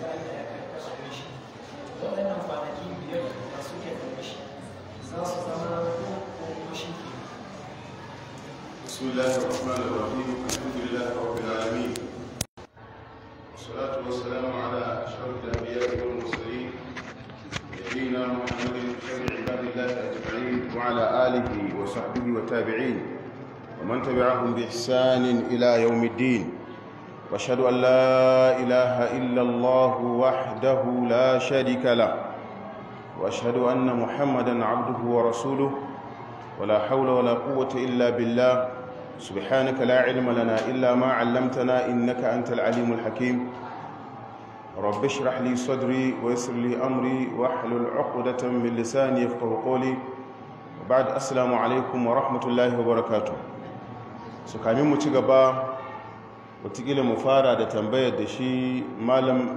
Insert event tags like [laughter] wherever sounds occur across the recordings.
sai Allah ya karkashe shi waɗannan kwanaki biyar da suke da shi za su zama ko shi ke بسم الله الرحمن الرحيم الحمد لله رب العالمين والصلاة والسلام على أشرف الأنبياء والمرسلين نبينا محمد خير عباد الله أجمعين وعلى آله وصحبه وتابعين ومن تبعهم بإحسان إلى يوم الدين واشهد ان لا اله الا الله وحده لا شريك له واشهد ان محمدا عبده ورسوله ولا حول ولا قوه الا بالله سبحانك لا علم لنا الا ما علمتنا انك انت العليم الحكيم رب اشرح لي صدري ويسر لي امري واحلل عقده من لساني يفقهوا قولي وبعد السلام عليكم ورحمه الله وبركاته سكامين متي gaba watakila mu fara da tambayar da shi malam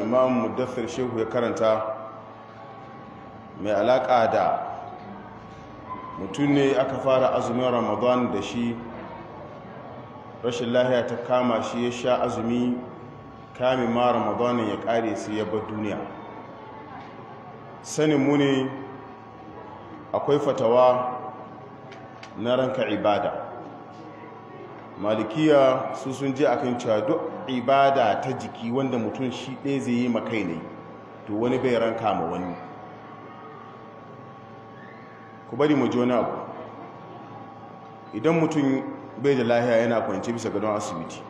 imam mudaffir shehu ya karanta mai alaƙa da mutum ne aka fara azumin ramadan da shi rashin lahiya ta kama shi ya sha azumi kami ma ramadanin ya ƙare su ya bar duniya sanin mu ne akwai fatawa na ranka ibada malikiya su sun je akan cewa duk ibada ta jiki wanda mutum shi ɗaya zai yi makai ne to wani bai ranka ma wani ku bari mu jona abu idan mutum bai da lahiya yana kwanci bisa gadon asibiti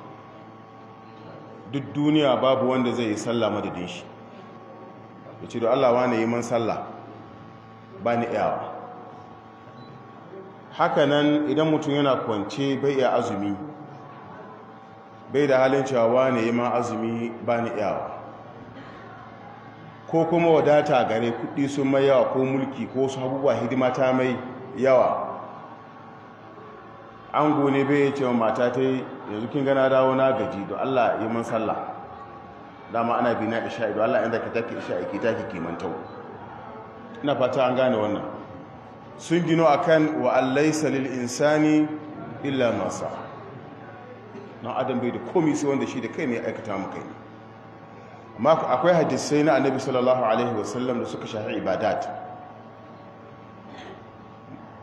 duk duniya babu wanda zai yi sallah madadin shi da ce da allawa na yi man sallah ba ni iyawa hakanan idan mutum yana kwance bai iya azumi bai da halin cewa ne yi ma azumi ba ni iyawa ko kuma wadata gare kudi sun mai yawa ko mulki ko su abubuwa hidima ta mai yawa an gole bai ce wa mata ta yi yanzu kin gana dawo na gaji don allah yi man sallah dama ana bi na isha'i don allah inda ka take isha'i ki take kimantau ina fata an gane wannan sun gino a kan wa’allai salil insani illa masa na adam bai da komi sai wanda shi da kai ne ya aikata mu kai amma akwai hadisai na annabi sallallahu alaihi wasallam da suka shahar ibadat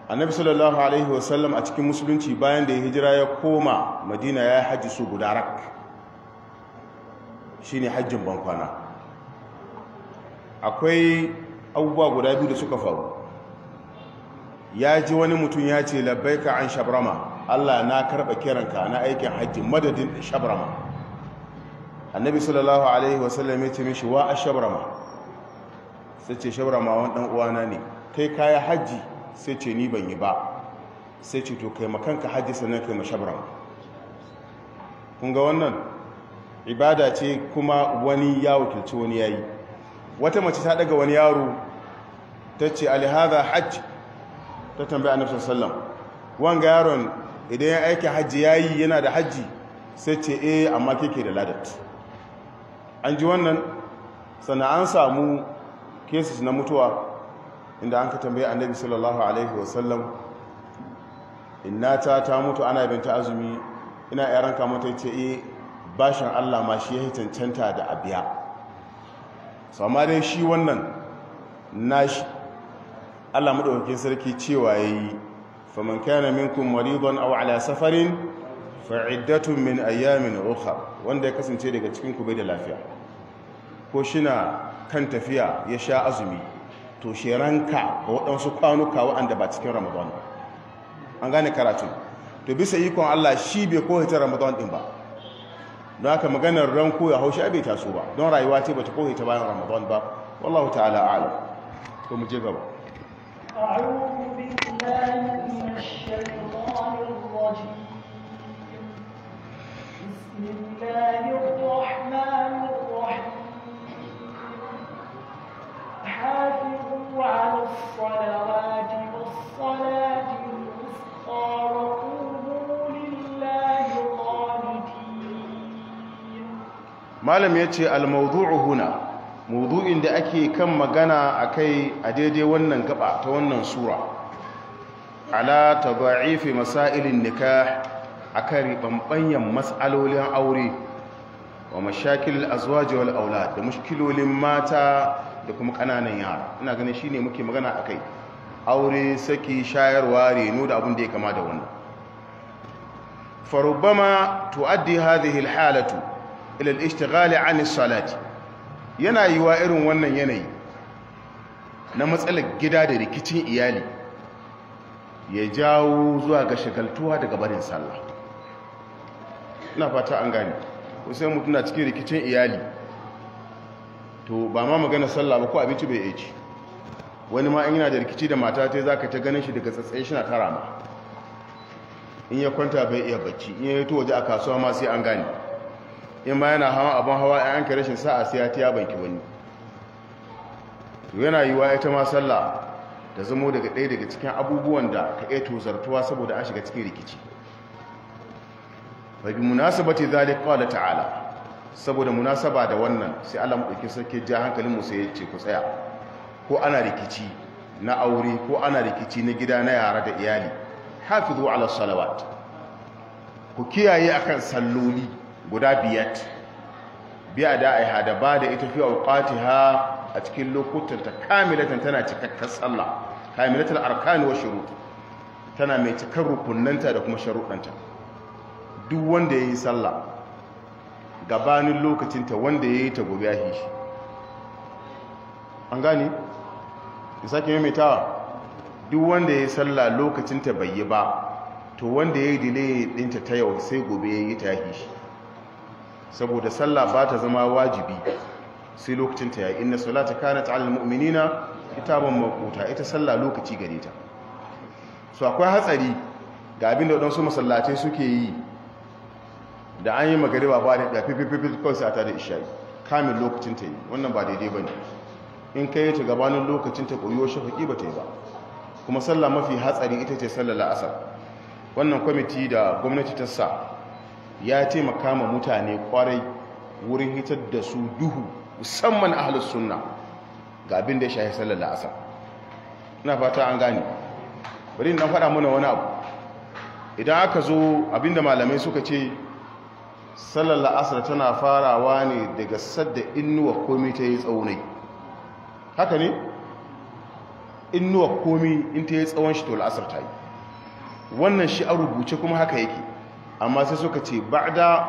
annabi sallallahu alaihi wasallam a cikin musulunci bayan da ya hijira ya koma madina ya haji su guda rak ne hajjin bankwana akwai abubuwa guda biyu da suka faru ya ji wani mutum ya ce labbaika an shabrama Allah na karɓa kiranka na aikin hajji madadin shabrama annabi sallallahu alaihi wasallam ya ce mishi wa shabrama sai ce shabrama wani dan uwana ne kai kaya hajji sai ce ni ban yi ba sai ce to kai makanka hajji sannan kai mashabrama kun ga wannan ibada ce kuma wani ya wakilci wani ya yi. wata mace ta daga wani yaro ta ce Alihada, hajji ta tambaya annabi sallam wanga yaron idan ya aiki hajji yayi yana da hajji sai ce eh amma kike da ladat an ji wannan sannan an samu cases na mutuwa inda an ka tambaye annabi sallallahu alaihi wasallam innata ta mutu ana binta azumi ina yaran kamata ce eh bashin Allah ma shi ya cancanta da abiya so amma dai shi wannan nashi Allah madaukakin sarki cewa yayi faman kana minkun maridon a wa'ala safarin fa'idatun min ayyamin ukhra wanda ya kasance daga cikin kube da lafiya ko shina kan tafiya ya sha azumi to sheranka ga waɗansu kwanuka waɗanda ba cikin ramadan an gane karatun to bisa ikon Allah shi bai ko ta ramadan ɗin ba don haka maganar ranko ya haushi abai taso ba don rayuwa ce bata ko ta bayan ramadan ba wallahu ta'ala a'lam ko mu je gaba أعوذ بالله من الشيطان الرجيم بسم الله الرحمن الرحيم حافظوا على الصلوات والصلاة لله ما لم يأتي الموضوع هنا maudu'in da ake kan magana a kai a daidai wannan gaba ta wannan sura ala ta masailin nika, a kan matsalolin aure wa mashakil azwaji wal aula da mushkilolin mata da kuma kananan yara ina ganin shine muke magana a kai aure saki shayarwa reno da abin da ya kama da wannan فربما تؤدي هذه الحالة إلى الاشتغال عن Salati. yana yi wa irin wannan yanayi na matsalar gida da rikicin iyali ya jawo zuwa ga shagaltuwa daga barin sallah ina fata an gani kusan mutum na cikin rikicin iyali to ba ma magana sallah ba ko abinci bai yi ci wani ma yana da rikici da mata ta za ka ta ganin shi daga tsatsaye shi na tara ma in ya kwanta bai iya bacci in ya yi to waje a kasuwa ma sai an gani in ma yana hawan abin hawa ya yanka rashin sa'a sai ya tiya banki wani to yana yiwa ya ma sallah da zamo daga ɗaya daga cikin abubuwan da ka iya tozartuwa saboda an shiga cikin rikici bai munasabati zalik qala ta'ala saboda munasaba da wannan sai Allah madaukakin sarki ja hankalin mu sai ya ku tsaya ko ana rikici na aure ko ana rikici na gida na yara da iyali hafizu ala salawat ku kiyaye akan salloli guda biyat biya da aiha da ba da ita fi auqatiha a cikin lokutan ta kamilatan tana cikakkar sallah kamilatul arkani wa shurut tana mai cikar rukunnanta da kuma sharuɗanta duk wanda yayi sallah gabanin lokacin ta wanda yayi ta gobe ahi shi an gani, in sake maimaitawa duk wanda yayi sallah lokacin ta bai yi ba to wanda yayi delay dinta ta yau sai gobe yayi ta yahi shi saboda sallah ba ta zama wajibi sai lokacin ta yayi inna salata kanat alal mu'minina kitaban mawquta ita sallah lokaci gare ta so akwai hatsari ga abin da su masallatai suke yi da an yi magariba ba da fifififi kawai sai ta da isha'i kamin lokacin ta yi wannan ba daidai bane in kai ta gabanin lokacin ta koyo shafaki ba ta yi ba kuma sallah mafi hatsari ita ce sallar la'asar wannan kwamiti da gwamnati ta sa ya taimaka ma mutane kwarai wurin hitar da su duhu musamman ahlus sunna ga abin da ya shahi sallar la'asar ina fata an gane bari na faɗa mana wani abu idan aka zo abin da malamai suka ce sallar la'asar tana farawa ne daga sadda inuwa komi ta yi tsaunai haka ne inuwa komi in ta yi tsawon shi to la'asar ta yi wannan shi a rubuce kuma haka yake amma sai suka ce ba'da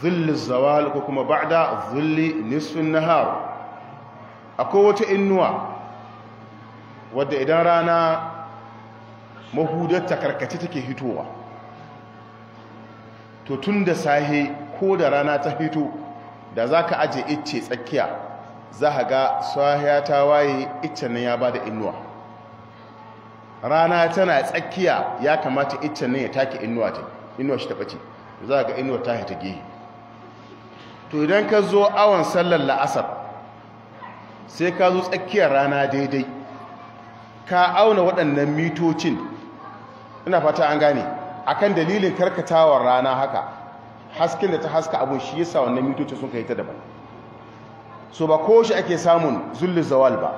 zilli zawal ko kuma ba'da zilli nisfin nahar akwai wata inuwa, wadda idan rana mahudar ta karkace take hitowa to tun da sahe ko da rana ta hito da za ka aje icce tsakiya za a ga sahiya ta waye iccen nan ya ba da inuwa rana tana tsakiya ya kamata iccen nan ya take inuwa take inuwa shi ta ɓace za ga inuwa ta hita gehe to idan ka zo awon sallar la'asar sai ka zo tsakiyar rana daidai ka auna waɗannan mitocin ina fata an gane akan dalilin karkatawar rana haka hasken da ta haska abun shi yasa wannan mitocin sun kai ta daban so ba ko shi ake samun zulli zawal ba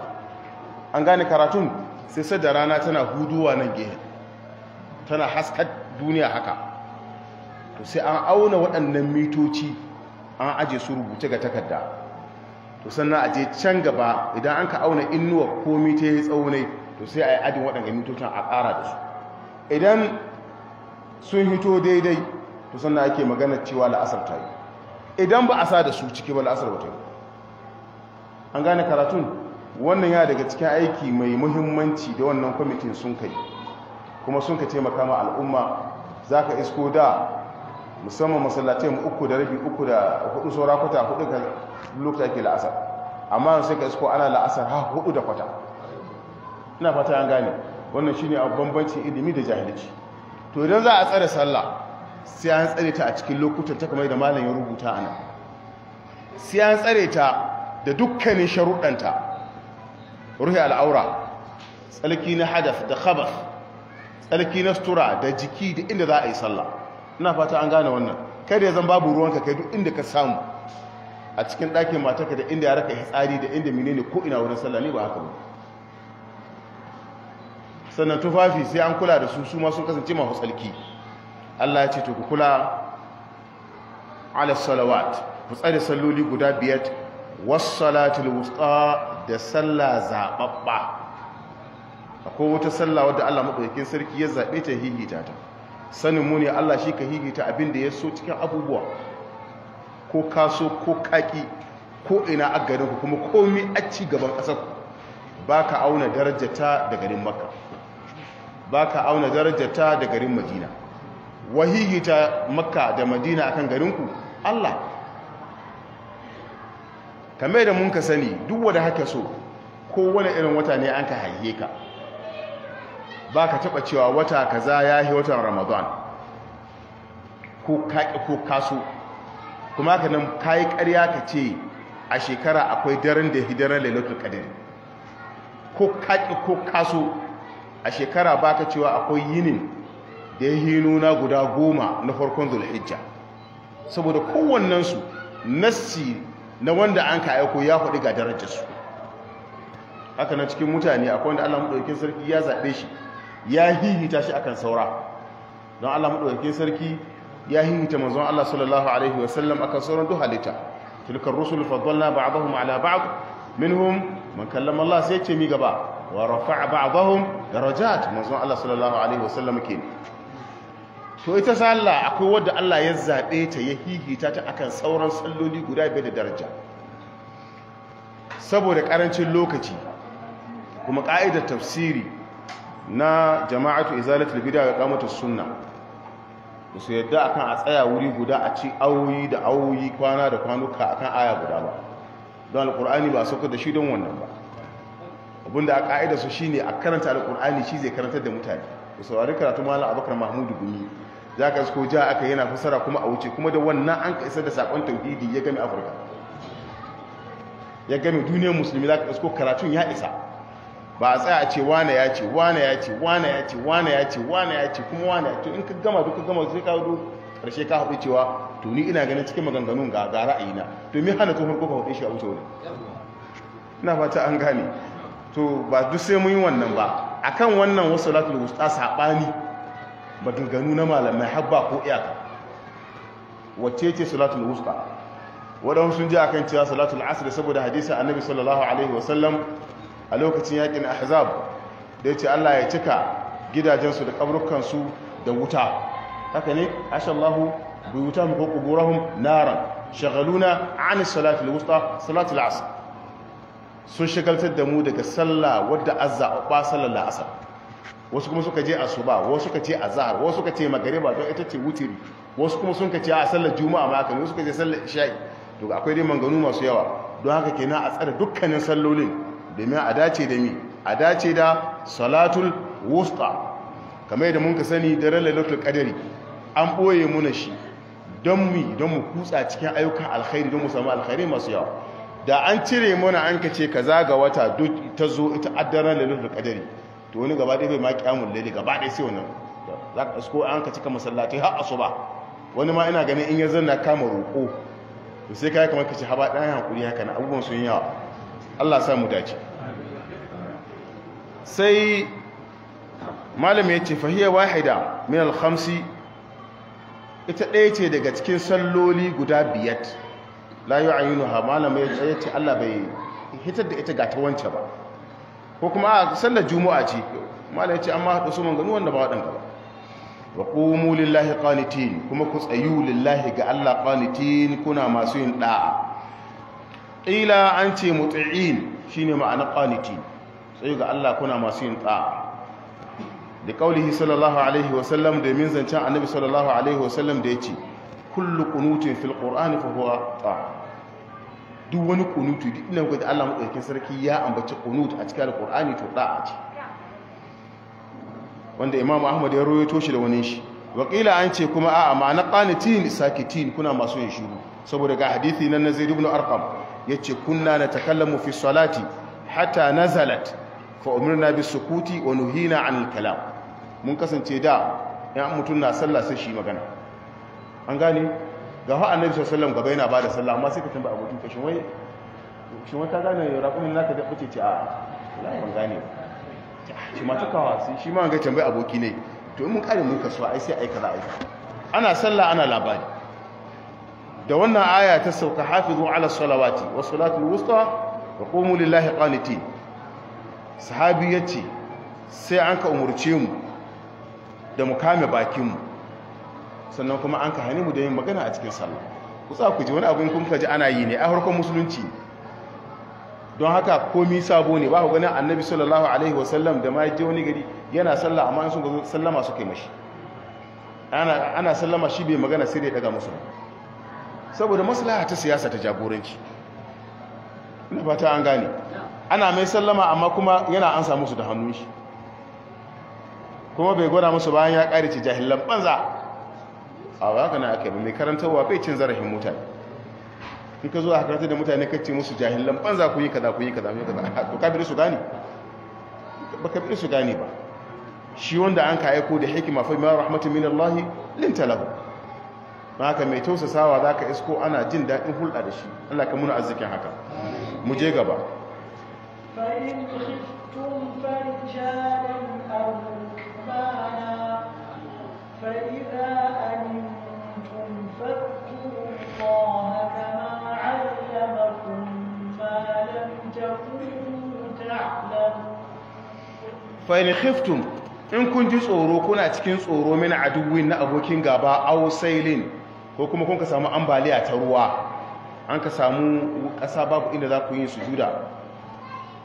an gane karatun sai sadda rana tana huduwa nan gehe tana haskar duniya haka to sai an auna waɗannan mitoci an aje su rubuce ga takarda to sannan a can gaba idan an ka auna inuwa ko mito ya tsaunai to sai a yi adin waɗannan mitocin a ƙara da su idan sun hito daidai to sannan ake magana cewa la'asar ta yi idan ba a sa da su ciki ba la'asar ba ta yi an gane karatun wannan ya daga cikin aiki mai muhimmanci da wannan kwamitin sun kai kuma sun ka taimaka ma al'umma za ka isko da musamman masallacin mu uku da rufi uku da hudu saura kwata hudu ka lokuta ake la'asar amma sai ka isko ana la'asar ha hudu da kwata ina fata an gane wannan shine a bambancin ilimi da jahilci to idan za a tsare sallah sai an tsare ta a cikin lokutan ta kamar da malam ya rubuta ana sai an tsare ta da dukkanin sharuɗanta ruhi al'aura tsalki na hadaf da khabas tsalki na sutura da jiki da inda za a yi sallah ina fata an gane wannan kai da ya zan babu ruwanka kai duk inda ka samu a cikin ɗakin matarka da inda ya raka hitsari da inda menene ko ina wurin sallah ne ba haka ba sannan tufafi sai an kula da su su ma sun kasance masu tsarki Allah ya ce to ku kula ala salawat ku tsare salloli guda biyar wasu wusta da sallah zaɓaɓɓa akwai wata sallah wadda Allah maɗaukin sarki ya zaɓe ta hihita ta sanin mu ne Allah shi ka higita abin da ya so cikin abubuwa ko kaso ko kaki ko ina a garinku kuma komi a ci gaban ƙasar ba ka auna darajata da garin makka ba ka auna darajata da garin madina wahihita makka da madina akan garinku Allah kame da mun ka sani duk wanda haka so Ko wani irin wata ne an ka haihe ka ba ka taɓa cewa wata kaza ya yi watan ramadan ko kaƙi ko kaso kuma ka nan ka yi ƙarya ka ce a shekara akwai daren da hidarar lailatul qadr ko kaƙi ko kaso a shekara ba ka cewa akwai yinin da ya nuna guda goma na farkon zulhijja saboda kowannensu nassi na wanda an ka aiko ya faɗi ga darajarsu haka cikin mutane akwai wanda allah maɗaukin sarki ya zaɓe shi ya hihita shi akan saura don Allah madaukakin sarki ya hihita manzon Allah sallallahu alaihi wasallam akan sauran duk halitta tilkar rusul faddalna ba'dahum ala ba'd minhum man kallama Allah sai ce mi gaba wa rafa'a ba'dahum darajat manzon Allah sallallahu alaihi wasallam ke to ita sallah akwai wadda Allah ya zabe ta ya hihita ta akan sauran salloli guda biyar da daraja saboda karancin lokaci kuma ka'idar tafsiri na jama'atu izalatul bid'a ga kamatus sunna su yadda akan a tsaya wuri guda a ci awoyi da awoyi kwana da kwanuka akan aya guda ba don alqur'ani ba sauka da shi don wannan ba abinda a ka'ida su shine a karanta alkur'ani shi zai karantar da mutane ku saurari karatu malam abakar mahmudu gumi za ka ko ja aka yana fasara kuma a wuce kuma da wannan an ka isar da sakon tauhidi ya gami afirka ya gami duniyar musulmi zaka ka isko karatun ya isa ba a tsaya a ce wane ya ce wane ya ce wane ya ce wane ya ce wane ya ce kuma wane ya ce in ka gama duka gama sai ka hudu karshe ka haɗu cewa to ni ina ganin cikin maganganun ga ga ra'ayina to me hana tsohon kofa hudu shi a wuce wani ina fata an gane to ba duk sai mun yi wannan ba akan wannan wasu latul wusta saɓani maganganu na malamai habba ko iyaka wacce ce salatul wusta waɗansu sun ji akan cewa salatul asr saboda hadisi annabi sallallahu alaihi wasallam a lokacin yakin ahzab da yace Allah ya cika gidajensu da kabrukansu da wuta haka ne ashallahu bi wuta mu kuburahum naran shagaluna an salati al salati al-asr sun shagaltar da mu daga sallah wadda azza ba sallar al-asr wasu kuma suka je asuba wasu suka ce azhar wasu suka ce magariba don ita ce wutiri wasu kuma sun ka ce a sallar juma'a ma haka ne wasu suka ce sallar isha'i to akwai dai manganu masu yawa don haka kenan a tsare dukkanin sallolin domin a dace da mi a dace da salatul wusta kamar yadda mun ka sani daren lailatul kadari an boye muna shi don mu don mu kutsa cikin ayyukan alkhairi don mu samu alkhairi masu yawa da an cire muna an ka ce kaza ga wata duk ta zo ita addaran lailatul kadari to wani gaba ɗaya bai ma kiyamul laili gaba ɗaya sai wannan za ka ko an ka cika masallaci har asuba wani ma ina ganin in ya zanna kama roƙo to sai kai kamar ci haba ɗaya hankuri haka na abubuwan sun yawa Allah sa mu dace sai malam ya ce fahiyya wahida min alhamsi ita ɗaya ce daga cikin salloli guda biyat layu ayyunu ha malam ya ce allah bai hitar da ita ga ta wance ba ko kuma a sallar juma'a ce malam ya ce amma haɗu su manganu wanda ba waɗanda ba wa ƙumu lillahi ƙanitin kuma ku tsayu lillahi ga allah ƙanitin kuna masu yin ɗa'a ƙila an ce mutu'in shine ma'ana ƙanitin sai ga Allah kuna masu yin ta da kaulihi sallallahu alaihi wasallam da min zancen annabi sallallahu alaihi wasallam da ya ce kullu kunutin fil qur'ani fa huwa ta duk wani kunutu duk inda kuka Allah madaukakin sarki ya ambaci kunut a cikin qur'ani to a ce wanda imamu Ahmad ya rawaito toshi da wani shi wakila an ce kuma a'a ma'ana qanitin sakitin kuna masu yin shiru saboda ga hadisi nan na Zaid ibn Arqam yace kunna natakallamu fi salati hatta nazalat fa bi bis sukuti wa nuhina anil kalam mun kasance da yan mutum na sallah sai shi magana an gane ga fa annabi sallallahu alaihi wasallam gaba yana bada sallah amma sai ka tambaya abokin ka shin wai shin wai ka gane raƙumin naka da kuce ce a wallahi ban gane shi ma tukawa sai shi ma ga tambaya aboki ne to in mun kare mun kasuwa ai sai aika za aika ana sallah ana labari da wannan aya ta sauka hafizu ala salawati wa salatul wusta wa qumu lillahi qanitin sahabi ya ce sai an ka umarce mu da mu kame bakinmu sannan kuma an ka hani mu da yin magana a cikin sallah ku tsaka ku ji wani abin kun kaji ana yi ne a harkar musulunci don haka komi sabo ne ba ku ganin annabi sallallahu alaihi wasallam da ma je wani gari yana sallah amma sun ga sallama suka kai mashi ana sallama shi bai magana sai dai daga musu saboda maslaha ta siyasa ta jagoranci ina fata an gane ana mai sallama amma kuma yana ansa musu da hannun shi kuma bai gwada musu bayan ya ƙarice jahilan banza a haka na aka yi mai karantarwa bai cin zarafin mutane in ka zo a karantar da mutane ka ce musu jahilan banza ku yi kaza ku yi kaza ku [laughs] ka biri su gane ba ka biri su gani ba shi wanda an ka aiko da hikima fa ma rahmatin min Allah lin talahu ka mai tausasawa zaka isko ana jin daɗin hulɗa da shi Allah ka muna arzikin haka mu je gaba فإن خفتم فرجالا أو ركبانا فإذا أمنتم فاذكروا الله كما علمكم ما لم تكونوا تعلمون فإن خفتم in kun ji tsoro kuna cikin tsoro min aduwin na abokin gaba ausailin ko kuma kun ka samu ambaliya ta ruwa an ka samu ƙasa babu inda za ku yi sujuda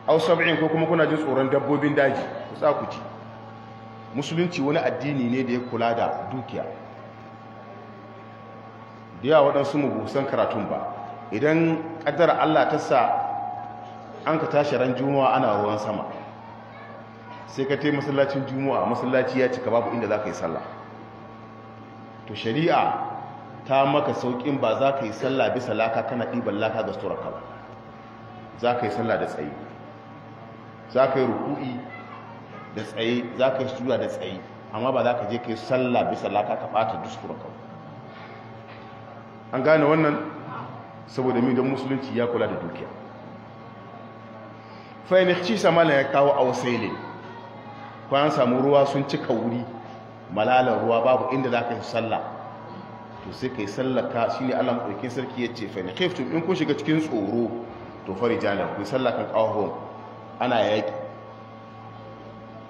aw sab'in ko kuma kuna jin tsoron dabbobin daji ku sa ku ci musulunci wani addini ne da ya kula da dukiya da yawa waɗansu mu san karatun ba idan ƙaddara Allah ta sa an ka tashi ran juma'a ana ruwan sama sai ka masallacin juma'a masallaci ya cika babu inda za ka yi sallah to shari'a ta maka saukin ba za ka yi sallah bisa laka kana ɗiban laka ga ka ba za ka yi sallah da tsayi za ka yi ruku'i da tsaye za ka yi sujuda da tsaye amma ba za ka je ka yi sallah bisa laka ka bata duskura ka an gane wannan saboda mi don musulunci ya kula da dukiya fainici samala ya kawo ausaile kwanan samu ruwa sun cika wuri malalar ruwa babu inda za ka yi sallah to sai ka yi sallah ka shi ne allah maɗaukin sarki ya ce fainici in kun shiga cikin tsoro to fari jalar kun sallah kan ƙawahon ana yaƙi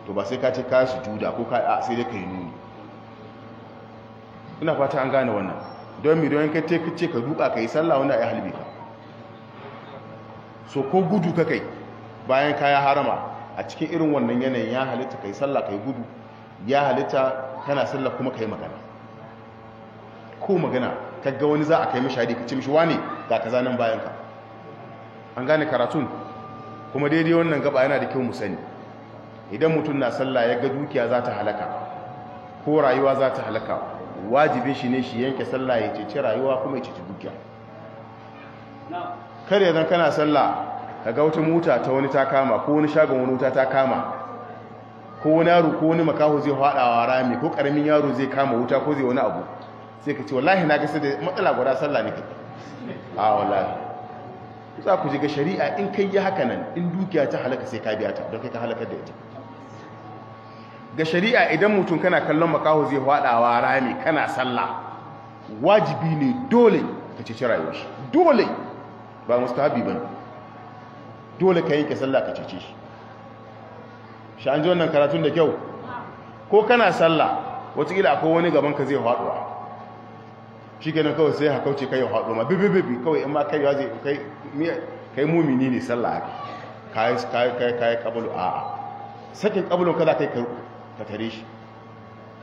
to ba sai ka ce ka su juda ko ka a sai dai ka yi nuni ina fata an gane wannan don mi don ka ce ka duka ka yi sallah wanda ya halbe ka so ko gudu ka kai bayan kaya harama a cikin irin wannan yanayin ya halitta ka yi sallah ka yi gudu ya halitta kana sallah kuma ka yi magana ko magana ka wani za a kai mishi hadi ka ce mashi wane ga kaza nan bayan ka an gane karatun kuma daidai wannan gaba yana da kyau mu sani idan mutum na sallah ya ga dukiya za ta halaka ko rayuwa za ta halaka wajibi shi ne shi yanke sallah ya cece rayuwa kuma ya cece dukiya kare zan kana sallah ka ga wata mota ta wani ta kama ko wani shagon wani wuta ta kama ko wani yaro ko wani makaho zai wa rami ko ƙaramin yaro zai kama wuta ko zai wani abu sai ka ce wallahi na gasa da matsala guda sallah ne a wallahi za ku ga shari'a in kai yi haka nan in dukiya ta halaka sai ka biya ta don kai ka halakar da ita ga shari'a idan mutum kana kallon makaho zai hwadawa rami kana sallah wajibi ne dole ka ceci rayuwar shi dole ba mustahabi ba dole ka yanke sallah ka ceci shi shi an ji wannan karatun da kyau ko kana sallah ila akwai wani gaban ka zai faduwa. shi kenan kawai sai hakauce kai haɗu ma bibibibi kawai in ma kai ya zai kai mumini ne sallah kai kai kai kabulu a'a sakin kabulun kada kai ka tare shi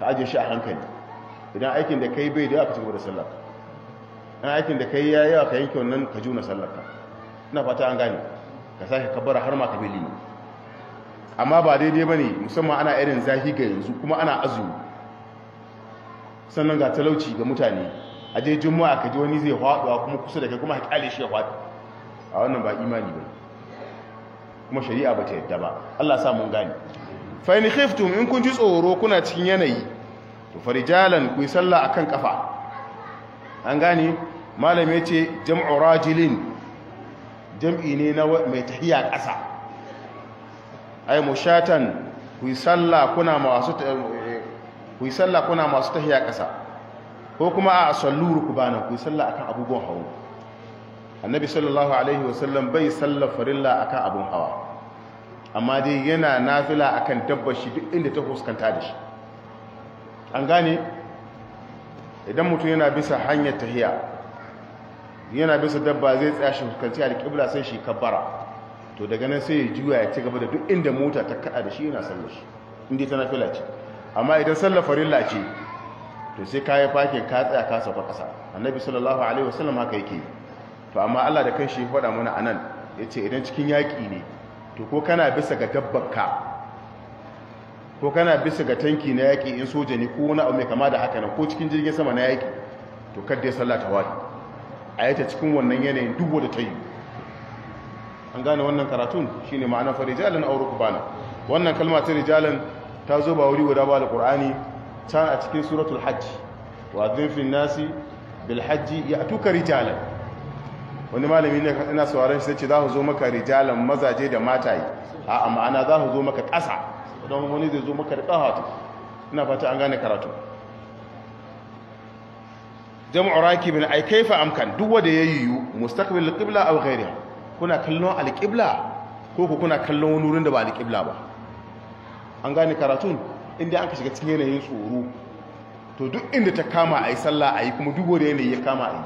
ka ajiye shi a hankali idan aikin da kai bai da yawa ka cigaba da sallah idan aikin da kai ya yawa ka yanke wannan ka juna sallah ka ina fata an gane ka sake kabbara har ma ka bili amma ba daidai ba ne musamman ana irin zahi ga yanzu kuma ana azumi sannan ga talauci ga mutane a je juma'a ka ji wani zai haɗuwa kuma kusa da kai kuma haƙƙale shi ya haɗu a wannan ba imani ba kuma shari'a ba ta yadda ba Allah sa mun gane fa in kun ji tsoro kuna cikin yanayi to farijalan ku yi sallah akan kafa an gane malami yace ce jam'u rajilin jam'i ne na mai tahiya ƙasa ai mushatan ku yi sallah kuna masu tahiya ƙasa ko kuma a sallu rukubana ku sallah akan abubuwan hawa annabi sallallahu alaihi sallam bai salla farilla akan abun hawa amma dai yana nafila akan dabbar shi duk inda ta fuskanta da shi an gane idan mutum yana bisa hanyar tahiya yana bisa dabba zai tsaya shi fuskanci alƙibla sai shi kabbara to daga nan sai ya juya ya ci gaba da duk inda mota ta kada da shi yana sallar shi inda ta nafila ce amma idan sallar farilla ce to sai kayi fakin ka tsaya ka sauka ƙasa annabi sallallahu alaihi wasallam haka yake to amma Allah da kanshi faɗa mana anan ce idan cikin yaƙi ne to ko kana bisa ga dabbarka ko kana bisa ga tanki na yaƙi in soja ne ko wani abu mai kama da haka nan ko cikin jirgin sama na yaƙi to kadda ya ta wari a yata cikin wannan yanayin duk wanda ta yi an gane wannan karatun shine ma'ana fa rijalan aw rukbana wannan kalma ta rijalan ta zo ba wuri guda ba alqur'ani can a cikin suratul hajj wa dhifin nasi bil hajji ya'tuka rijalan wani malami ne ina sauraron shi sai za ku zo maka rijalan mazaje da mataye a amma ana za ku zo maka ƙasa don wani zai zo maka da ƙahatu ina fata an gane karatu jam'u rakibin ai kaifa amkan duk wanda ya yiwu mustaqbil alqibla aw ghayriha kuna kallon alqibla ko ku kuna kallon wani wurin da ba alqibla ba an gane karatun inda aka shiga cikin yanayin tsoro to duk inda ta kama a yi sallah a yi kuma dubo da yanayi ya kama a yi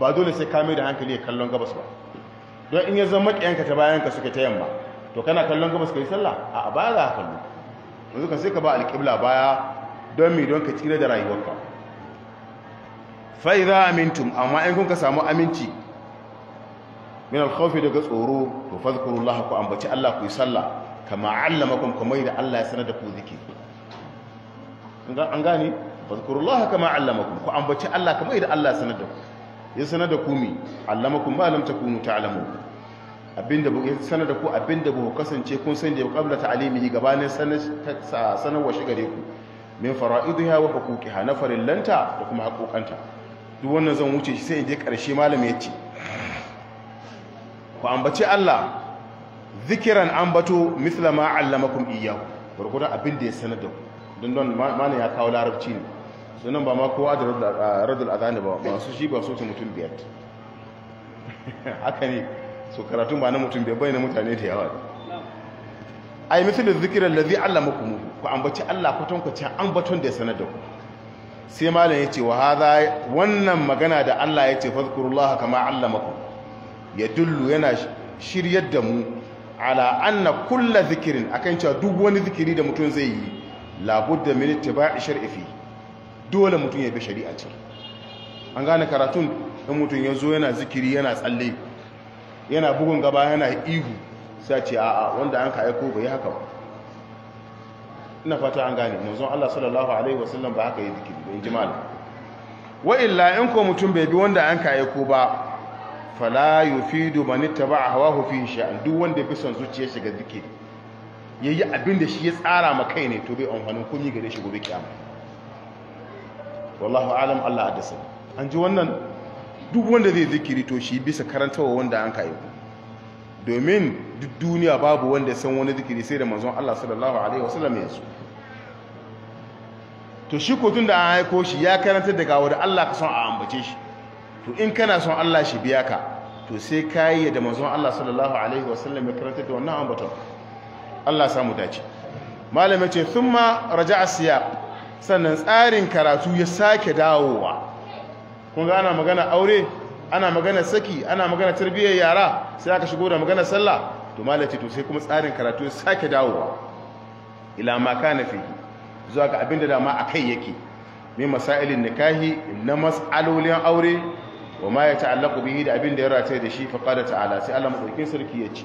ba dole sai kame da hankali ya kallon gabas ba don in ya zama maƙiyanka ta bayan ka suka ta yamma to kana kallon gabas ka yi sallah a baya za a kallo yanzu ka sai ka ba alƙibla baya don mai don ka tsira da rayuwarka fa'iza amintum amma in kun ka samu aminci min alkhawfi daga tsoro to fadhkurullah ku ambaci Allah ku yi sallah kama allama kuma da Allah ya sanar da ku zikiri an gane fazkurullaha kama allamakum ku ambaci Allah kamar idan Allah sanar da ku ya sanar da ku mi allamakum ma lam takunu ta'lamu abinda ya sanar da ku abinda ba ku kasance kun san da qabla ta'limihi gabanin sanar washi gare ku min fara'idiha wa huquqiha na lanta da kuma haƙoƙanta duk wannan zan wuce shi sai in je karshe malami ya ce ku ambaci Allah zikiran ambato misla ma allamakum iyyahu gurgurdan abinda ya sanar da ku don don mana ya kawo larabci ne sunan ba ma kowa da radul azani ba masu shi ba su ce mutum biyar [laughs] haka ne so karatun ba na mutum biyar bai na mutane da yawa yi misalin zikirar lazi allah makumu ku ambaci allah kwatankwacin ambaton da ya sanar da ku sai malam ya ce wa wannan magana da allah ya ce fazkurullaha kama allah makum ya dullu yana shiryar da mu ala anna kulla zikirin akan cewa duk wani zikiri da mutum zai yi labudda ta ba shari'a fi dole mutum ya bi shari'a ce an gane karatun in mutum ya zo yana zikiri yana tsalle yana bugun gaba yana ihu sai ce a'a wanda an ka aiko bai haka ba ina fata an gane mazan Allah sallallahu alaihi wasallam ba haka yi zikiri bai ji malam wa illa in ko mutum bai bi wanda an ka aiko ba fala yufidu a hawa hawahu fi sha'an duk wanda bisan son shiga zikiri ya yi abin da shi ya tsara ma kai ne to bai amfanin komi gare shi gobe kyamu wallahu alam Allah a an ji wannan duk wanda zai zikiri to shi bisa karantawa wanda an ka yi domin duk duniya babu wanda san wani zikiri sai da manzon Allah sallallahu alaihi wasallam ya su to shi ko tun da an haiko shi ya karanta daga wadda Allah ka son a ambace shi to in kana son Allah shi biya ka to sai kayi da manzon Allah sallallahu alaihi wasallam ya karanta da wannan ambaton Allah samu dace malama ce thumma raja'a siyaq sannan tsarin karatu ya sake dawowa kun ga ana magana aure ana magana saki ana magana tarbiyyar yara sai aka shigo da magana sallah to malama ce to sai kuma tsarin karatu ya sake dawowa ila ma kana fi zuwa ga abinda da ma akai yake me masailin nikahi na mas'alolin aure wa ma ya ta'allaqu bihi da abinda ya rataye da shi faqada ta'ala sai Allah madaukakin sarki ya ce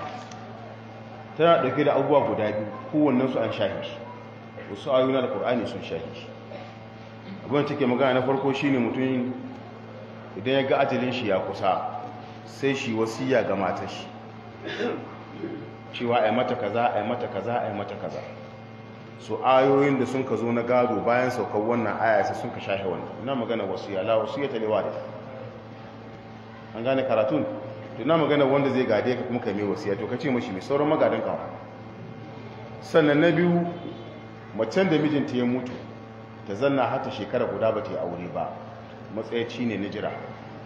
tana ɗauke da abubuwa guda biyu kowannen su an shahi su wasu ayyuna da ƙur'ani sun shahi shi abin take magana na farko shine mutum idan ya ga ajalin shi ya kusa sai shi wasiya ga matar shi cewa ai mata kaza ai mata kaza ai mata kaza so ayoyin da sun ka zo na gado bayan saukar wannan aya sai sun ka shahe wannan ina magana wasiya la wasiyata liwalid an gane karatun to magana wanda zai gade ka kuma kai mai wasiya to ka ce mai sauran magadan kawo sannan na biyu macen da mijinta ya mutu ta zanna hata shekara guda ba ta yi aure ba matsayaci ne na jira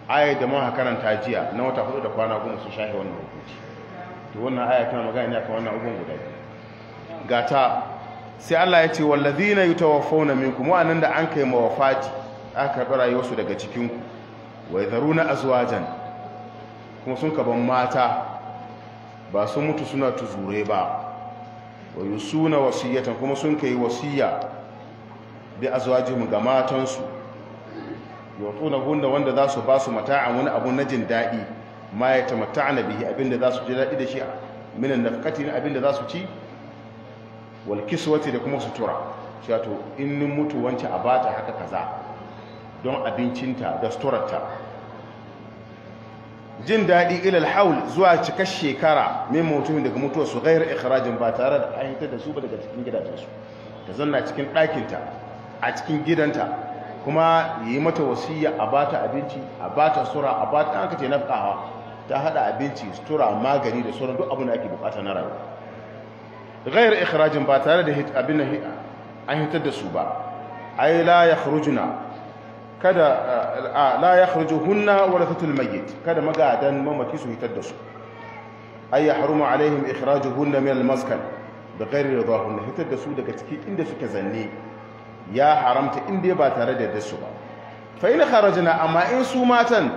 ayar da maha karanta jiya na wata hudu da kwana goma sun shahe wannan hukunci to wannan aya tana magana ne akan wannan abubuwan guda gata sai Allah ya ce wallazina yutawaffawna minkum wa'annan da an kai mawafati aka karɓi rayuwarsu daga cikin ku wa yadharuna azwajan kuma sun kaban mata ba sun mutu suna tuzure ba wayo suna wasiyyata kuma sun ka yi wasiya bi azwajihim ga matansu tuna gunda wanda za su ba su mata'an wani abu na jin daɗi ma ya na bihi abinda za su ji daɗi da shi a minan na abinda za su ci wal wace da kuma sutura shi wato in mutu wancan a bata haka kaza don abincinta da suturarta jin daɗi ilal haul zuwa cikar shekara min mutumin daga mutuwar su gairar ikirajin ba tare da an da su ba daga cikin gidajensu ta zanna cikin ɗakinta a cikin gidanta kuma yi mata wasiya a ta abinci a ta sura a ta an kace nafkawa ta hada abinci sutura magani da sauran duk abin da ake bukata na rayuwa gairar ikirajin ba tare da abin an hitar da su ba ai la yakhrujuna kada la ya kharju hunna tatul mayyit kada magadan mamaki su hitar da su ay yahrumu alaihim hunna min al-maskan bighairi ridahunna hitar da su daga ciki inda suke zanne ya haramta inda ba tare da dasu ba fa in kharajna amma in su matan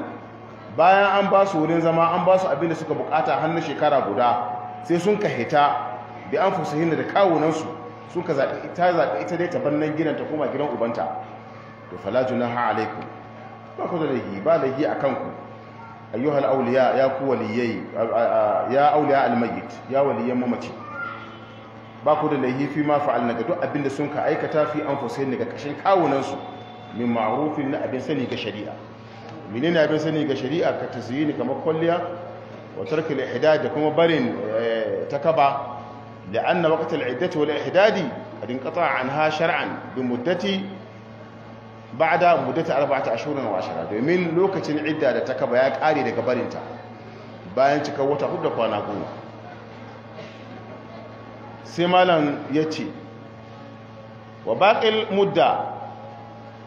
bayan an ba su wurin zama an ba su abin da suka bukata hannun shekara guda sai sun ka hita da an da kawunansu sun ka zaɓi ita zaɓi ita dai ta bannan gidan ta koma gidan ubanta to fala junaha alaikum ba ku da laifi ba laifi a kanku ayyuhal auliya ya ku waliyai ya auliya ya waliyan mamaci ba ku da laifi fi ma fa'alna ga abinda sun ka aikata fi anfusihim ga kashin kawunan su min ma'rufin na abin sani ga shari'a menene abin sani ga shari'a ka tazyini kamar kwalliya wa tarki al-ihdad da kuma barin eh, takaba la'anna waqt al-iddati wal ihdadi qad inqata'a anha shar'an bi muddati ba'ada mudata arba'ata a wa ashara domin lokacin idda da ta kaba ya kare daga barinta bayan cikar wata hudu da kwana goma sai malam yace wa baqil mudda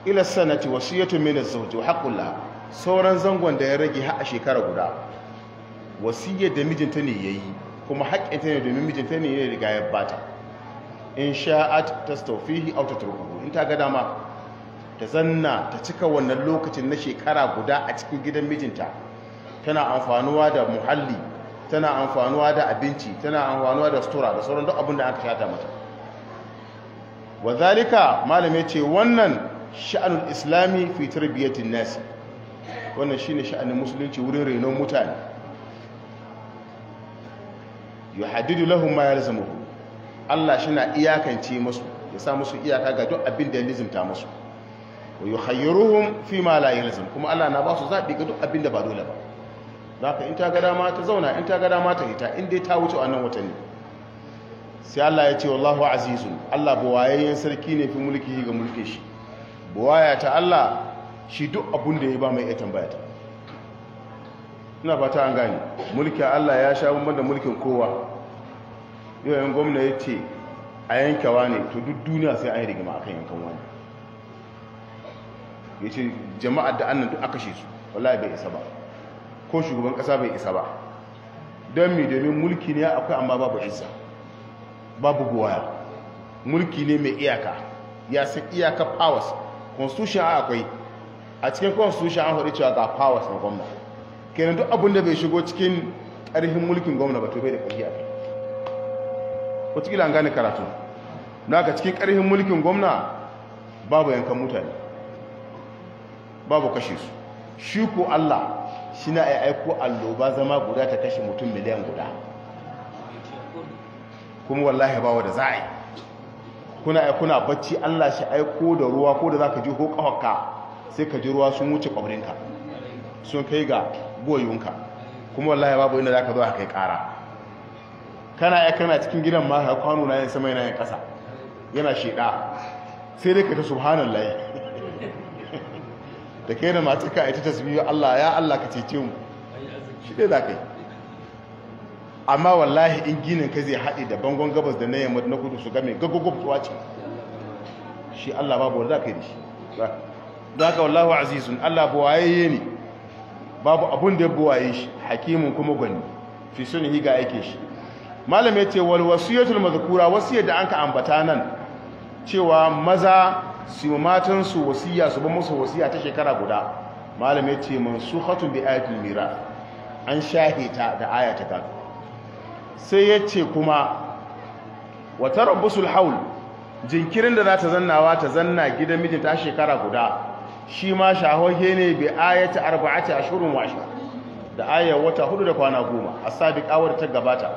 ila sanati wasiyatu min az-zawj wa haqqul sauran zangon da ya rage har a shekara guda wasiyar da mijinta ne yayi kuma ta ne domin mijinta ne ya riga ya bata in sha'at tastawfihi aw tatrukuhu in ta ga dama ta zanna ta cika wannan lokacin na shekara guda a cikin gidan mijinta tana amfanuwa da muhalli tana amfanuwa da abinci tana amfanuwa da sutura da sauran duk abin da aka shata mata wazalika malame ce wannan sha'anul islami fi tarbiyatin nasi wannan shine sha'anin musulunci wurin renon mutane yuhaddidu lahum ma yalzamuhu Allah shi na iyakance musu ya sa musu iyaka ga duk abin da ya lizimta masu. wa yukhayyiruhum fi ma la yalzam kuma Allah na ba su zabi ga duk abinda ba dole ba zaka in ta ga dama ta zauna in ta ga dama ta hita in dai ta wuce wannan watanni sai Allah ya ce wallahu azizun Allah buwayayyen sarki ne fi mulki ga mulkin shi buwaya ta Allah shi duk abun da ya ba mai iya bayata ina fata an gane mulki Allah ya sha bamban da mulkin kowa yau yan gwamna ya ce a yankewa ne to duk duniya sai an yi rigima akan yankan wani ya ce jama'ar da annan duk aka shi su wallahi bai isa ba ko shugaban kasa bai isa ba don mi domin mulki ne akwai amma babu isa babu buwaya mulki ne mai iyaka ya san iyaka powers constitution akwai a cikin constitution an hudu cewa ga powers na gwamna kenan duk abin da bai shigo cikin ƙarfin mulkin gwamna ba to bai da ƙarfi a kai kila an gane karatu na ga cikin ƙarfin mulkin gwamna babu yankan mutane babu kashe su shi ko Allah shi na ya aiko alloba zama guda ta kashe mutum miliyan guda kuma wallahi bawa da za'a yi kuna ai kuna bacci Allah shi aiko da ruwa ko da za ka ji ko kawaka sai ka ji ruwa sun wuce kwabrinka sun kai ga goyunka kuma wallahi babu inda ka zo a kai kara kana ai kana cikin gidan ma kwano na yin sama yana yin kasa yana shida. sai dai ka ta subhanallah da kai da matarka ita tasbihu Allah ya Allah ka cece mu shi dai zakai amma wallahi in ginin ka zai haɗe da bangon gabas da na yamma na kudu su game gaggagub tuwa ce shi Allah babu wanda kai da shi za ka wallahu azizun Allah buwaye ne babu abun da ya buwaye shi hakimin kuma gwani fi yi ga aike shi malam ya ce wal wasiyatul mazkura wasiyar da anka ambata nan cewa maza su matansu wasiya su ba musu wasiya ta shekara guda malam ya ce mansukhatun bi ayatul mira an ta da aya ta gado sai ya ce kuma wa tarabbusul haul jinkirin da za ta zannawa ta zanna gidan mijinta ta shekara guda shi ma shahohe ne bi ayata arba'ati ashurun wa da ayar wata hudu da kwana goma a sabiq awar ta gabata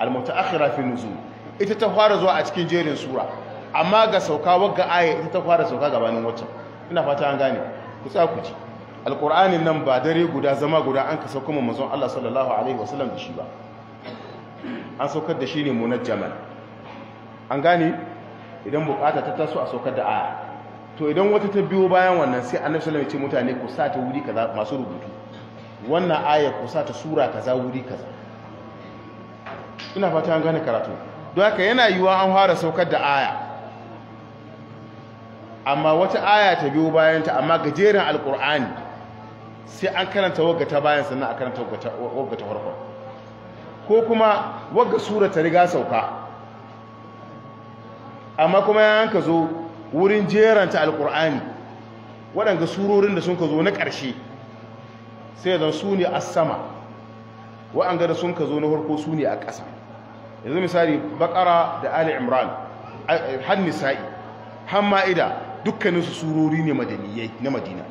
al-mutaakhira fi nuzul ita ta fara zuwa a cikin jerin sura amma ga sauka wagga aya ita ta fara sauka gabanin waccan ina fata an gane ku tsaya ku ji alqur'ani nan ba dare guda zama guda an ka sauka manzon Allah sallallahu alaihi wasallam da shi ba an saukar da shi ne munajjaman an gane idan bukata ta taso a saukar da aya to idan wata ta biyo bayan wannan sai annabi sallallahu alaihi wasallam ya ce mutane ku sa ta wuri kaza masu rubutu wannan aya ku sa ta sura kaza wuri kaza ina fata an gane karatu don haka yana yiwuwa an fara saukar da aya amma wata aya ta biyo bayanta amma gajeren alkur'ani sai an karanta wagga ta bayan sannan a karanta wagga ta farkon ko kuma wagga sura ta riga sauka amma kuma ya ka zo wurin jeranta alkur'ani waɗanda surorin da sun ka zo na ƙarshe sai zan su ne a sama waɗanda da sun ka zo na farko su ne a ƙasa yanzu misali bakara da ali imran har nisa'i har ma'ida dukkaninsu surori ne madaniyai na madina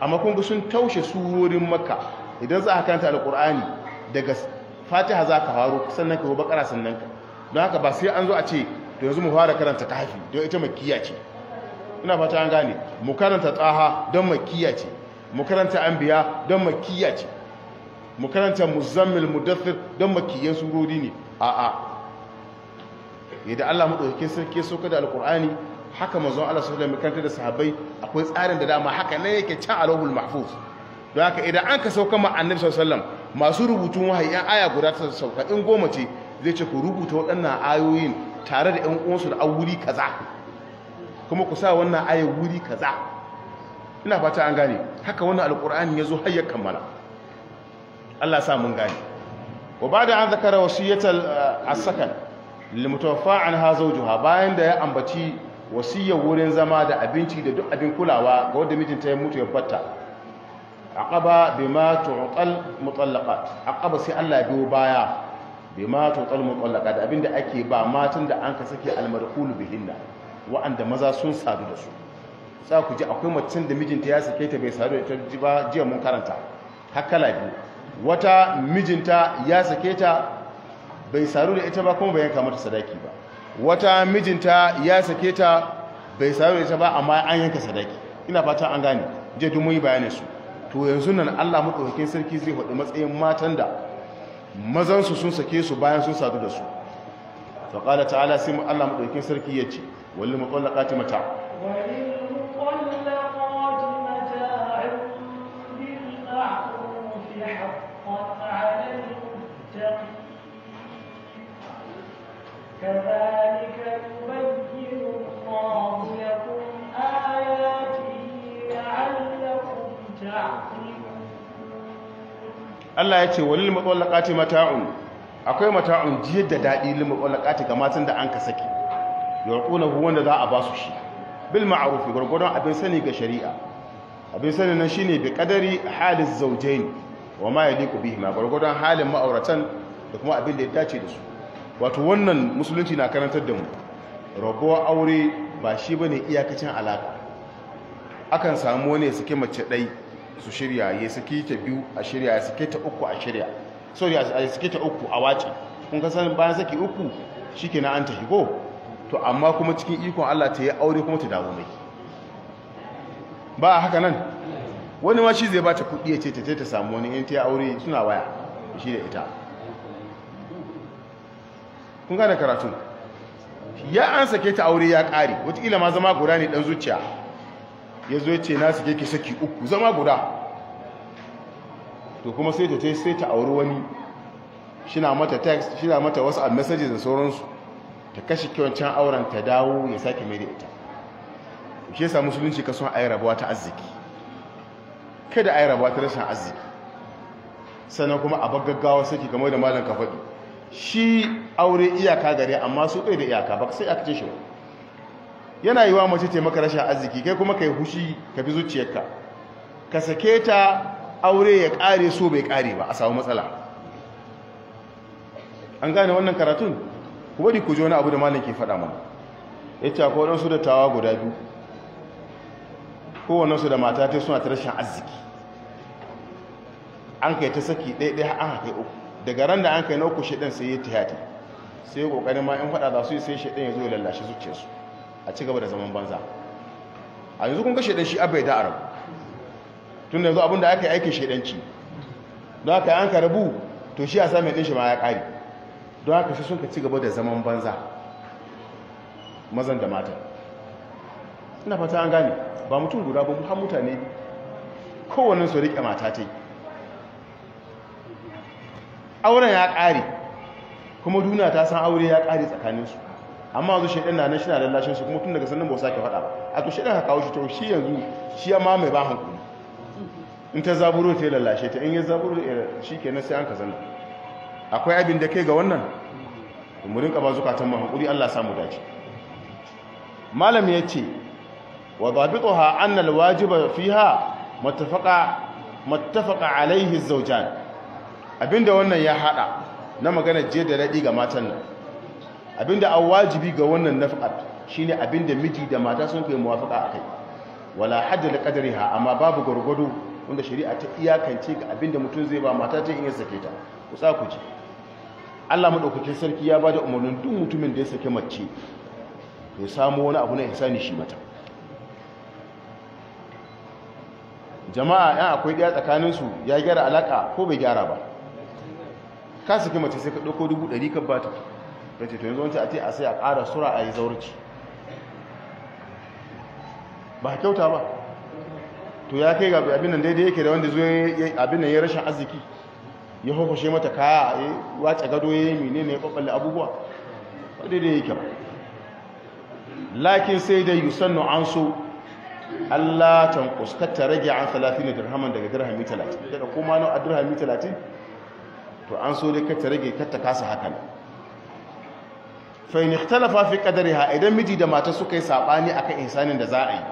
amma kuma sun taushe surorin maka idan za a karanta alkur'ani daga fatiha za ka faru sannan ka bakara sannan ka don haka ba sai an zo a ce da yanzu mu fara karanta kafi don ita makiya ce ina fata an gane mu karanta tsaha don makiya ce mu karanta biya don makiya ce mu karanta muzammil mudathir don makiyan surori ne a'a yadda Allah madaukakin sarki so da alkur'ani haka manzon Allah sallallahu alaihi wasallam da sahabbai akwai tsarin da dama haka ne yake can alawul mahfuz don haka idan an ka sauka ma annabi sallallahu masu rubutun wahayi an aya guda ta sauka in goma ce zai ce ku rubuta waɗannan ayoyin tare da ƴan uwansu da wuri kaza kuma ku sa wannan ayar wuri kaza ina fata an gane haka wannan alqur'ani yazo har ya kammala Allah sa mun gane wa bada an zakara wasiyatal asakan limutawaffa an ha zawjuha bayan da ya ambaci wasiyar wurin zama da abinci da duk abin kulawa ga wadda mijinta ya mutu ya batta ma bima tu'tal A ƙaba sai Allah ya biyo baya bima da abin abinda ake ba matan da an ka sake almarhul bihinna wa'anda maza sun sadu da su sa ku ji akwai macin da mijinta ya sake ta bai sadu da ta ba jiya mun karanta hakala biyu wata mijinta ya sake ta bai sadu da ita ba kuma bai yanka mata sadaki ba wata mijinta ya sake ta bai sami da ita ba amma an yanka sadaki ina fata an gane je duk yi bayanin su to yanzu nan Allah madaukakin sarki zai faɗi matsayin matan da mazansu sun sake su bayan sun sadu da su fa ta ta'ala sai Allah madaukakin sarki ya ce wal muqallaqati mata Allah ya ce walil matsalaƙati mata'un akwai mata'un jiyar da daɗi lil matsalaƙati ga matan da an ka saki yarƙuna wanda za a ba su shi bil ma'arufi gwargwadon abin sani ga shari'a abin sani nan shine bi kadari halin zaujeni. wa ma yaliqu bihi ma gwargwadon halin ma'auratan da kuma abin da ya dace da su wato wannan musulunci na karantar da mu rabuwa aure ba shi bane iyakacin alaka akan samu wani ya suke mace ɗai su shirya ya suke ta biyu a shirya ya suke ta uku a shirya so ya suke ta uku a wace kun ka san bayan saki uku ke na an ta higo to amma kuma cikin ikon Allah ta yi aure kuma ta dawo mai ba a haka nan wani ma shi zai ba ta kuɗi ya ce ta ta samu wani in ta yi aure suna waya shi da ita kun gane karatu ya an sake ta aure ya kare wataƙila ma zama guda ne ɗan zuciya ya zo ce na sake ki saki uku zama guda to kuma sai ta sai ta auri wani shina mata text shina mata wasu messages da sauransu ta kashe kyawancan auren ta dawo ya sake mai da ita shi yasa musulunci kaso a ayi rabuwa ta arziki kada ayi rabuwa ta rashin arziki sannan kuma a bagaggawa saki kamar da malam ka faɗi shi aure iyaka gare amma su kai da iyaka ba sai aka ce shi yana yiwa mace ce maka rashin arziki kai kuma kai hushi ka bi zuciyarka ka sake ta aure ya kare so bai kare ba a samu matsala an gane wannan karatun ku bari ku wani abu da malam ke faɗa mana ce akwai wadansu da tawa guda biyu kowannensu da mata ta suna ta rashin arziki an kai ta saki ɗaya ɗaya an haka uku daga ran da an kai na uku ɗin sai yi tiyati sai ƙoƙarin ma faɗa za su yi sai ɗin ya zo ya lallashe zuciyarsu a ci gaba da zaman banza a yanzu kun ga shaidan shi abai da arabu tun da yanzu abinda aka yi aikin shiɗanci don haka an karabu to shi a sami ɗin shi ma ya ƙari don haka shi sun ka ci gaba da zaman banza mazan da mata ina fata an gane ba mutum guda ba har mutane kowannen su riƙe mata ta yi auren ya ƙare kuma duniya ta san aure ya ƙare tsakaninsu amma yanzu shaidan na nan shi na lallashin su kuma tun daga sannan ba sake faɗa ba a to shaidan haka kawo shi to shi yanzu shi ya mamaye ba hankali in ta zaburo ta yi lallashe ta in ya zaburo eh, shi ke sai an ka zanna akwai abin da kai ga wannan Umarin ka ba zukatan ma hankuri Allah samu dace malam ya ce wa ha annal wajiba fiha matafaka matafaka alaihi zaujani abinda wannan ya hada na magana je da daɗi ga matan nan abinda an wajibi ga wannan naf'at shine abinda miji da mata sun kai muwafaka akai wala hadd da qadriha amma babu gurgudu wanda shari'a ta iyakance ga abinda mutum zai ba mata ta in ya sake ta ku sa ku ji Allah madaukakin sarki ya bada umarnin duk mutumin da ya sake mace ya samu wani abu na ihsani shi mata jama'a yan akwai ɗaya tsakaninsu ya gyara alaka ko bai gyara ba ka saki mace sai ka ɗauko dubu ɗari ka bata ta ce to yanzu wancan a ce a sai a ƙara sura a yi zaurci ba a kyauta ba to ya kai ga abin nan daidai yake da wanda zuwa abin nan ya rashin arziki ya hukushe mata kaya a yi wace gado ya yi mine ne ya ɓaɓɓalle abubuwa ba daidai yake ba lakin sai dai yusannu an so Allah tankus ta rage an 30 dirhaman daga dirhami 30 daga kuma na dirhami 30 to an so dai ta rage ta kasa hakan fa'in ikhtalafa fi qadariha idan miji da mata suka yi sabani akan insanin da za a yi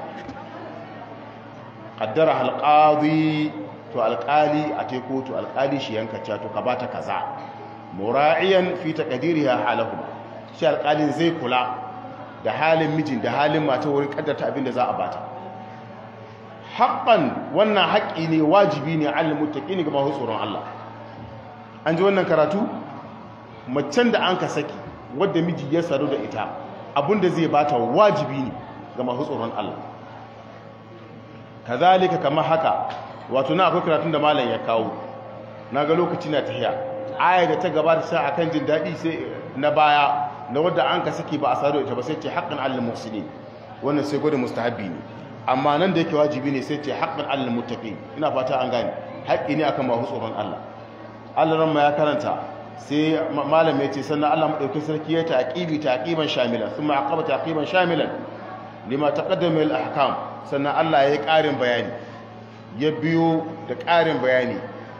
qaddara alqadi to alqali a te to alqali shi yanka ca to ka bata kaza mura'iyan fi taqdiriha alahu shi alqalin zai kula da halin mijin da halin mata wurin kaddarta abin da za a bata haqqan wannan haƙƙi ne wajibi ne alal muttaqin ga mahu tsoron Allah an ji wannan karatu macen da an ka saki wadda miji ya sadu da ita abinda zai bata wajibi ne ga masu tsoron Allah kazalika kamar haka wato na akwai karatun da malam ya kawo na ga lokaci na tahiya aya da ta gabata sai akan jin daɗi sai na baya na wadda an ka saki ba a sadu ita ba sai ce haƙƙin Allah musulmi wannan sai gwada mustahabbi ne amma nan da yake wajibi ne sai ce haƙƙin allin muttaqin ina fata an gane haƙƙi ne akan masu tsoron Allah alaran ma ya karanta sai malam ya ce sannan Allah madauki sarki ya taqibi taqiban shamilan thumma aqaba taqiban shamilan lima taqaddama ahkam sannan Allah ya yi ƙarin bayani ya biyo da ƙarin bayani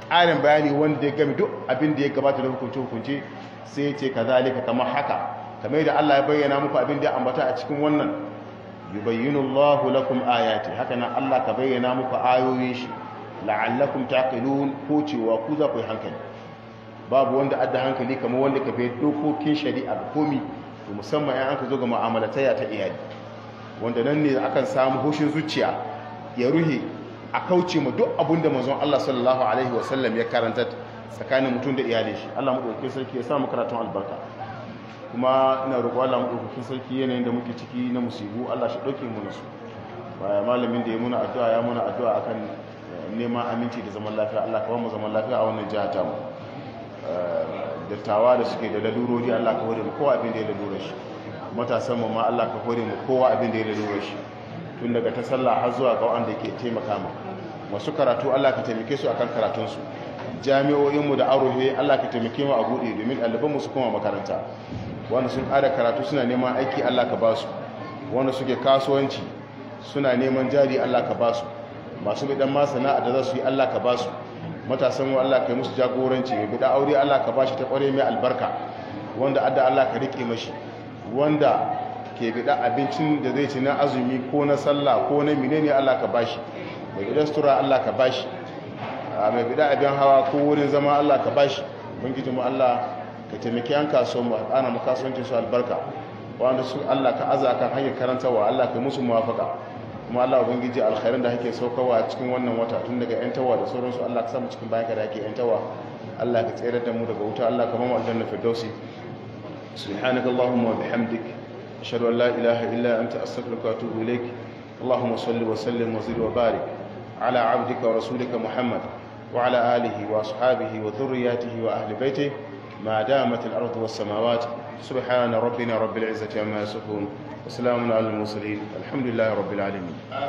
ƙarin bayani wanda ya gami duk abin da ya gabata da hukunci hukunci sai ce ka zalika kamar haka kamar da Allah ya bayyana muku abin da ya ambata a cikin wannan yubayyinullahu lakum ayati haka nan Allah ka bayyana muku ayoyin shi la'allakum taqilun ko cewa ku za ku yi hankali babu wanda adda hankali kamar wanda ka bai dokokin shari'a da komi to musamman ya anka zo ga ya ta iyali wanda nan ne akan samu hoshin zuciya ya ruhe a kauce ma duk abin da manzon Allah sallallahu alaihi wasallam ya karanta tsakanin mutum da iyalin shi Allah mu dauke sarki ya samu karatun albarka kuma ina roƙo Allah mu dauke sarki yanayin da muke ciki na musibu Allah shi dauke mu nasu malamin da ya muna addu'a ya muna addu'a akan neman aminci da zaman lafiya Allah kawai mu zaman lafiya a wannan jiha ta mu eh, dattawa da suke da lalurori Allah ka hore mu kowa abin da ya lalura shi matasan mu ma Allah ka hore mu kowa abin da ya lalura shi tun daga ta sallah har zuwa ga wanda ke taimaka mu masu karatu Allah ka taimake su akan karatun su jami'o'in mu da arohe Allah ka taimake mu a buɗe domin ɗaliban mu su koma makaranta wanda sun ƙara karatu suna neman aiki Allah ka ba su wanda suke kasuwanci suna neman jari Allah ka ba su masu bidan ma sana'a da za su yi Allah ka ba su matasan wa Allah ka yi musu jagoranci mai bidan aure Allah ka ba shi ta kware mai albarka wanda adda Allah ka rike mashi wanda ke bidan abincin da zai ci na azumi ko na sallah ko na menene Allah ka ba shi mai bidan sutura Allah ka ba shi mai bidan abin hawa ko wurin zama Allah ka ba shi ubangiji mu Allah ka taimaki yan kasuwan mu ana mu kasuwancin su albarka wanda su Allah ka aza kan hanyar karantawa Allah ka musu muwafaka kuma Allah ubangiji alkhairin da kake saukawa a cikin wannan wata tun daga yan tawa da sauransu Allah ka samu cikin bayan ka da ake yan tawa Allah ka tsere da mu daga wuta Allah ka mamu aljanna firdausi subhanakallahumma wa bihamdik ashhadu an la ilaha illa anta astaghfiruka wa atubu ilaik اللهم صل وسلم وزد وبارك على عبدك ورسولك محمد وعلى آله وأصحابه وذرياته وأهل بيته ما دامت الأرض والسماوات سبحان ربنا رب العزة عما يصفون وسلام على المرسلين الحمد لله رب العالمين